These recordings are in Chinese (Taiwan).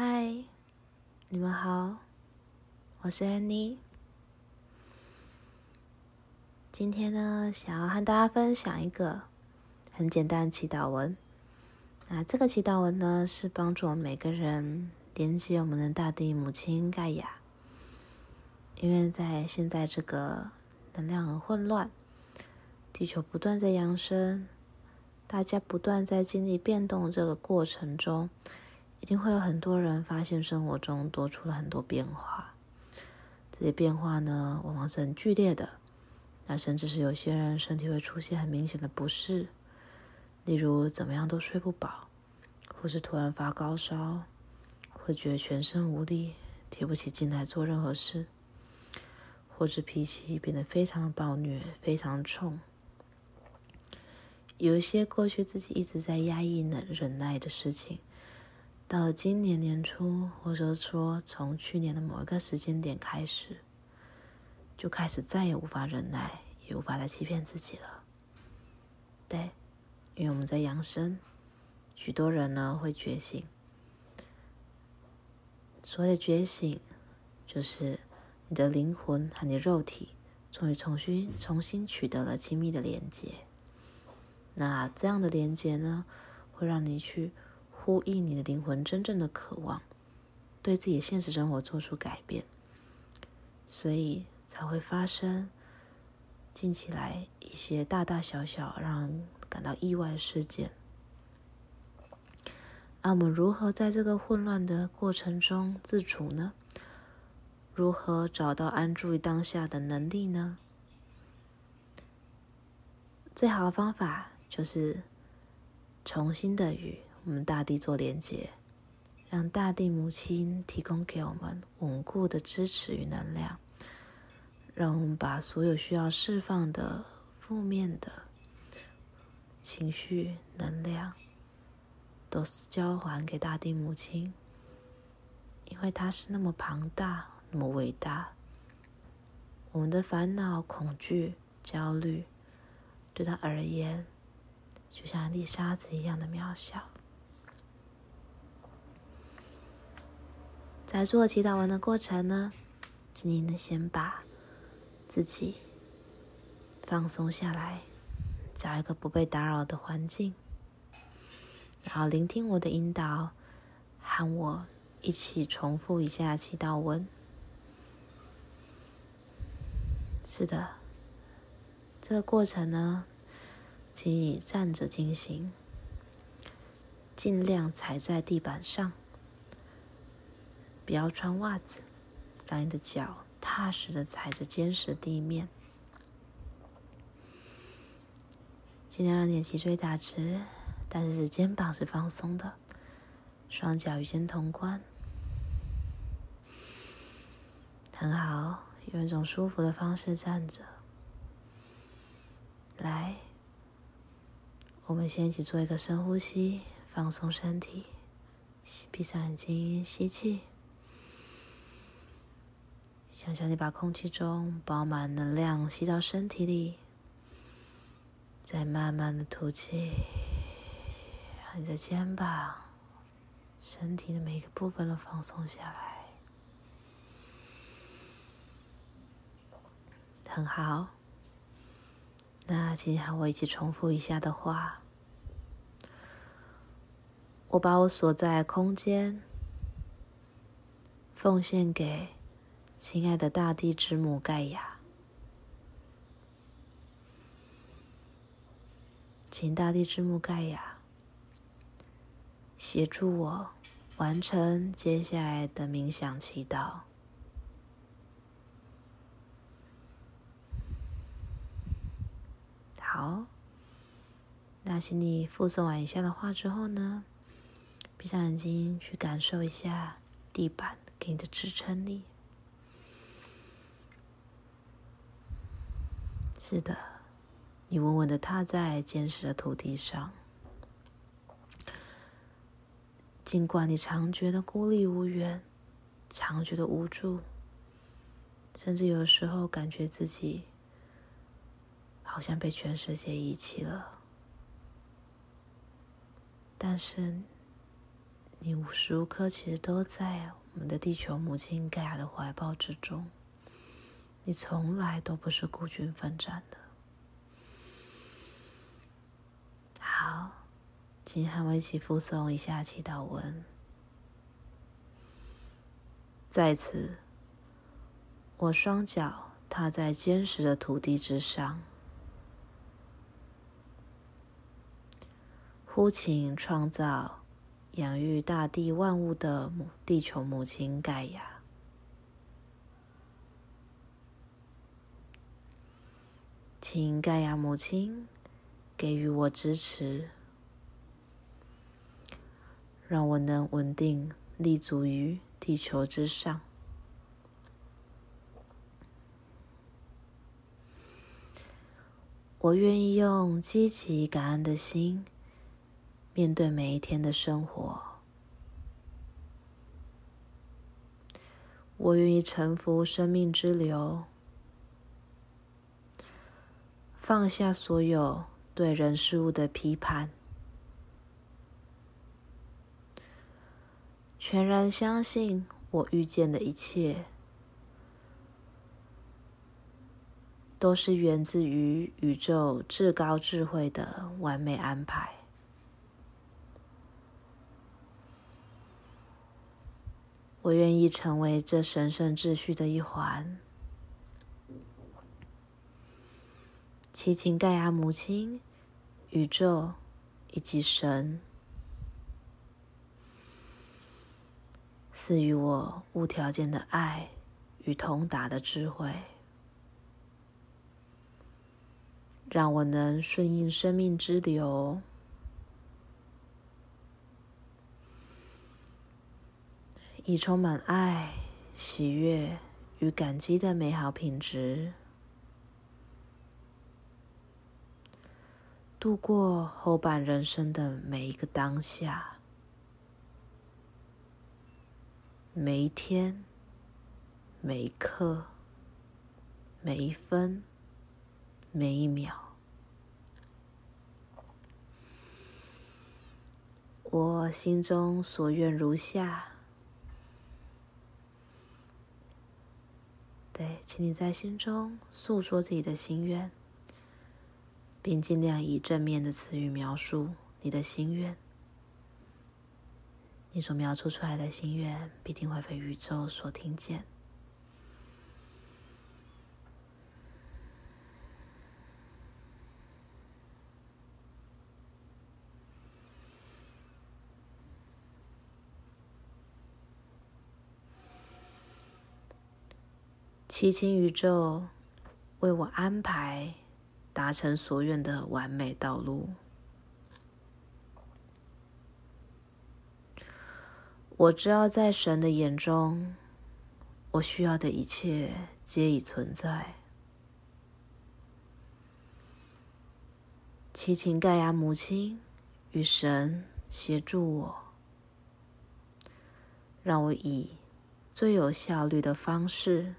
嗨，Hi, 你們好，我是安妮。今天呢，想要和大家分享一個很簡單的祈禱文啊。那這個祈禱文呢，是幫助我們每個人連接我們的大地母親蓋亞，因為在現在這個能量很混亂，地球不斷在揚升，大家不斷在經歷變動這個過程中。一定會有很多人發現生活中多出了很多變化，這些變化呢，往往是很劇烈的。那甚至是有些人身體會出現很明顯的不適，例如怎麼樣都睡不飽，或是突然發高燒，會覺得全身無力，提不起勁來做任何事，或是脾氣變得非常的暴虐，非常衝。有一些過去自己一直在壓抑忍忍耐的事情。到了今年年初，或者說從去年的某一個時間點開始，就開始再也無法忍耐，也無法再欺騙自己了。對，因為我們在揚升，許多人呢會覺醒。所謂的覺醒，就是你的靈魂和你的肉體終於重新重新取得了親密的連接。那這樣的連接呢，會讓你去。呼應你的靈魂真正的渴望，對自己的現實生活做出改變，所以才會發生近期來，一些大大小小讓人感到意外的事件。那、啊、我們如何在這個混亂的過程中自處呢？如何找到安住於當下的能力呢？最好的方法就是重新的與。我們大地做連接，讓大地母親提供給我們穩固的支持與能量。讓我們把所有需要釋放的負面的情緒、能量，都交還給大地母親，因為她是那麼龐大、那麼偉大。我們的煩惱、恐懼、焦慮，對她而言，就像一粒沙子一樣的渺小。在做祈禱文的過程呢，請你先把自己放鬆下來，找一個不被打擾的環境，然後聆聽我的引導，和我一起重複一下祈禱文。是的，這個過程呢，請你站着進行，盡量踩在地板上。不要穿襪子，讓你的腳踏實地踩着堅實的地面。盡量讓你脊椎打直，但是肩膀是放鬆的。雙腳與肩同寬，很好，用一種舒服的方式站着。來，我們先一起做一個深呼吸，放鬆身體，閉上眼睛，吸氣。想象你把空氣中飽滿能量吸到身體裡，再慢慢的吐氣，讓你的肩膀、身體的每一個部分都放鬆下來。很好。那今天和我一起重複以下的話，我把我所在空間奉獻給，親愛的大地之母蓋亞，請大地之母蓋亞協助我完成接下來的冥想祈禱。好，那請你複述完以下的話之後呢，閉上眼睛，去感受一下地板給你的支撐力。是的，你穩穩的踏在堅實的土地上，儘管你常覺得孤立無援，常覺得無助，甚至有時候感覺自己好像被全世界遺棄了，但是你無時無刻其實都在我們的地球母親蓋亞的懷抱之中。你從來都不是孤軍奮戰的。好，請和我一起複誦一下祈禱文。在此，我雙腳踏在堅實的土地之上，呼請創造、養育大地萬物的母地球母親蓋婭。請蓋亞母親給予我支持，讓我能穩定立足於地球之上。我願意用積極感恩的心面對每一天的生活。我願意臣服生命之流。放下所有對人事物的批判，全然相信我遇見的一切都是源自於宇宙至高智慧的完美安排。我願意成為這神聖秩序的一環。祈請蓋亞、啊、母親、宇宙以及神賜予我無條件的愛與通達的智慧，讓我能順應生命之流，以充滿愛、喜悅與感激的美好品質，度過後半人生的每一個當下，每一天、每一刻、每一分、每一秒。我心中所願如下。對，請你在心中訴說自己的心願。並盡量以正面的詞語描述你的心願，你所描述出來的心願必定會被宇宙所聽見。祈請宇宙為我安排。達成所願的完美道路。我知道，在神的眼中，我需要的一切皆已存在。祈請蓋亞母親與神協助我，讓我以最有效率的方式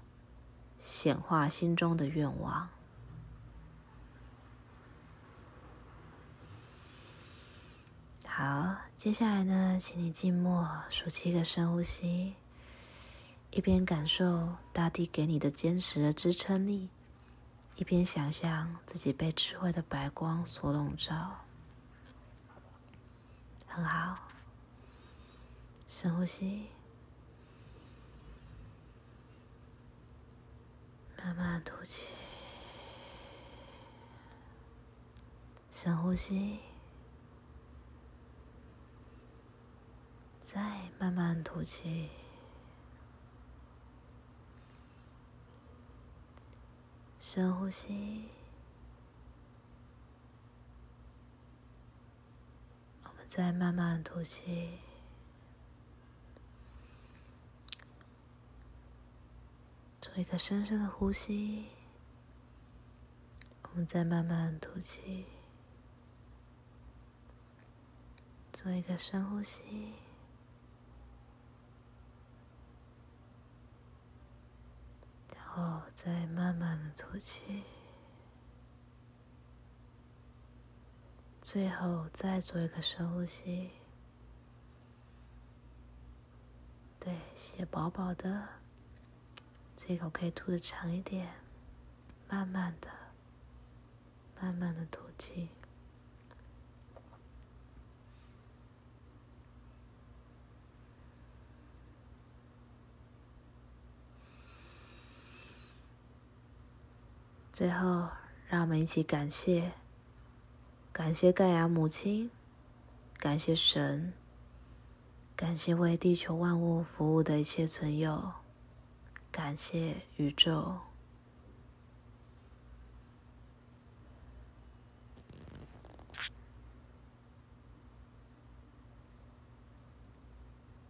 顯化心中的願望。好，接下來呢，請你靜默，數七個深呼吸，一邊感受大地給你的堅實的支撐力，一邊想象自己被智慧的白光所籠罩。很好，深呼吸，慢慢吐氣，深呼吸。再慢慢吐氣，深呼吸。我們再慢慢吐氣，做一個深深的呼吸。我們再慢慢吐氣，做一個深呼吸。再慢慢的吐氣，最後再做一個深呼吸，對，吸飽飽的，這個可以吐的長一點，慢慢的，慢慢的吐氣。最後，讓我們一起感謝，感謝蓋亞母親，感謝神，感謝為地球萬物服務的一切存有，感謝宇宙。